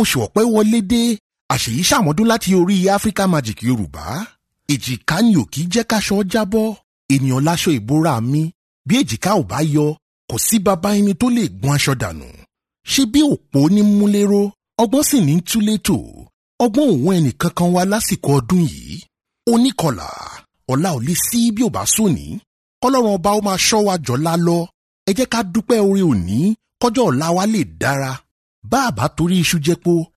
oṣù ọ̀pẹ wọlé dé àṣèyí ṣàmọ́dún láti orí Africa Magic Yorùbá èjìká ni ò kì í jẹ́ káṣọ jábọ́ ènìyàn láṣọ ìbora mi bí èjìká ò bá yọ kò sí bàbá ẹni tó lè gun aṣọ dànù ṣé bí òpó ní múlẹ́rọ́ ọgbọ́n sì ní túlétò ọgbọ́n òun ẹnì kankan wá lásìkò ọdún yìí oníkọlà ọ̀la ò lè sí bí ò bá sóní kọlọ́run ọba ó máa ṣọ́ wa jọ̀la lọ ẹ jẹ́ ká dúpẹ́ oore òní kọjọ́ ọ̀la wa lè dára bá a bá torí iṣu jẹpo